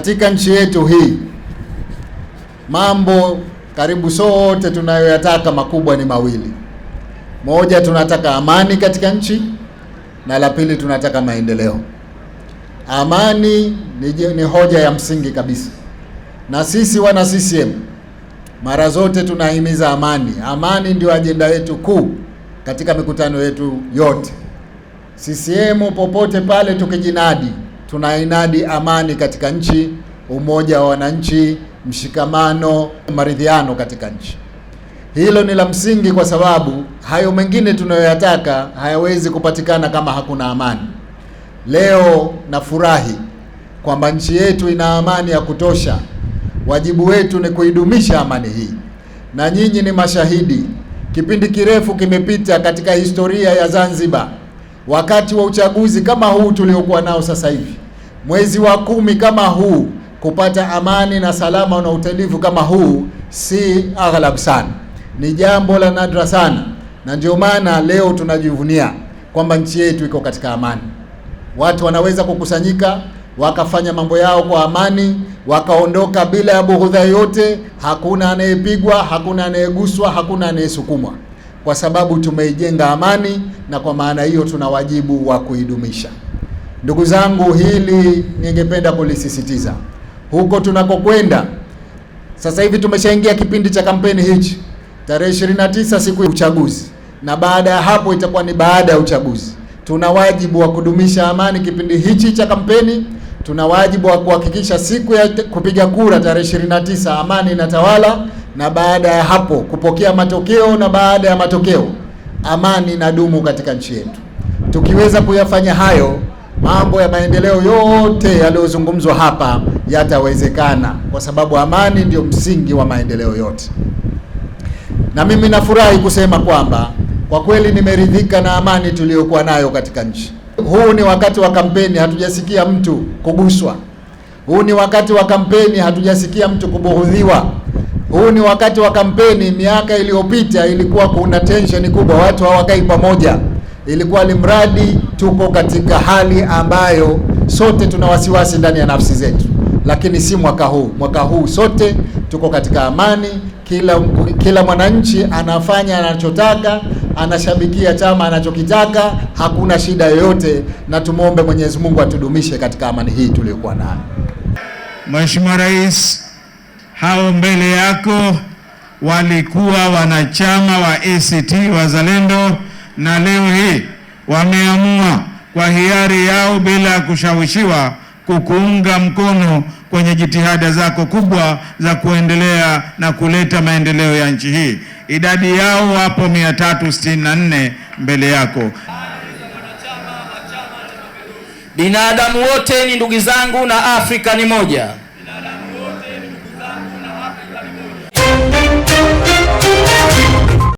katika nchi yetu hii mambo karibu sote tunayoyataka makubwa ni mawili. Moja, tunataka amani katika nchi, na la pili, tunataka maendeleo. Amani ni, ni hoja ya msingi kabisa, na sisi wana CCM mara zote tunahimiza amani. Amani ndio ajenda yetu kuu katika mikutano yetu yote. CCM popote pale tukijinadi tunainadi amani katika nchi, umoja wa wananchi, mshikamano, maridhiano katika nchi. Hilo ni la msingi, kwa sababu hayo mengine tunayoyataka hayawezi kupatikana kama hakuna amani. Leo nafurahi kwamba nchi yetu ina amani ya kutosha. Wajibu wetu ni kuidumisha amani hii, na nyinyi ni mashahidi. Kipindi kirefu kimepita katika historia ya Zanzibar, wakati wa uchaguzi kama huu tuliokuwa nao sasa hivi mwezi wa kumi kama huu kupata amani na salama na utulivu kama huu si aghlab sana, ni jambo la nadra sana, na ndio maana leo tunajivunia kwamba nchi yetu iko katika amani. Watu wanaweza kukusanyika wakafanya mambo yao kwa amani, wakaondoka bila ya bughudha yoyote. Hakuna anayepigwa, hakuna anayeguswa, hakuna anayesukumwa, kwa sababu tumeijenga amani, na kwa maana hiyo tuna wajibu wa kuidumisha. Ndugu zangu, hili ningependa kulisisitiza huko tunakokwenda. Sasa hivi tumeshaingia kipindi cha kampeni hichi, tarehe 29 siku ya uchaguzi, na baada ya hapo itakuwa ni baada ya uchaguzi. Tuna wajibu wa kudumisha amani kipindi hichi cha kampeni. Tuna wajibu wa kuhakikisha siku ya kupiga kura tarehe 29 amani inatawala, na baada ya hapo kupokea matokeo, na baada ya matokeo amani inadumu katika nchi yetu. Tukiweza kuyafanya hayo mambo ya maendeleo yote yaliyozungumzwa hapa yatawezekana, kwa sababu amani ndio msingi wa maendeleo yote. Na mimi nafurahi kusema kwamba kwa kweli nimeridhika na amani tuliyokuwa nayo katika nchi. Huu ni wakati wa kampeni, hatujasikia mtu kuguswa. Huu ni wakati wa kampeni, hatujasikia mtu kubughudhiwa. Huu ni wakati wa kampeni. Miaka iliyopita ilikuwa kuna tension kubwa, watu hawakai pamoja ilikuwa mradi tuko katika hali ambayo sote tuna wasiwasi ndani ya nafsi zetu, lakini si mwaka huu. Mwaka huu sote tuko katika amani, kila kila mwananchi anafanya anachotaka, anashabikia chama anachokitaka, hakuna shida yoyote, na tumwombe Mwenyezi Mungu atudumishe katika amani hii tuliyokuwa nayo. Mheshimiwa Rais, hao mbele yako walikuwa wanachama wa ACT Wazalendo na leo hii wameamua kwa hiari yao bila ya kushawishiwa kukuunga mkono kwenye jitihada zako kubwa za kuendelea na kuleta maendeleo ya nchi hii. Idadi yao wapo 364 mbele yako. Binadamu wote ni ndugu zangu na Afrika ni moja.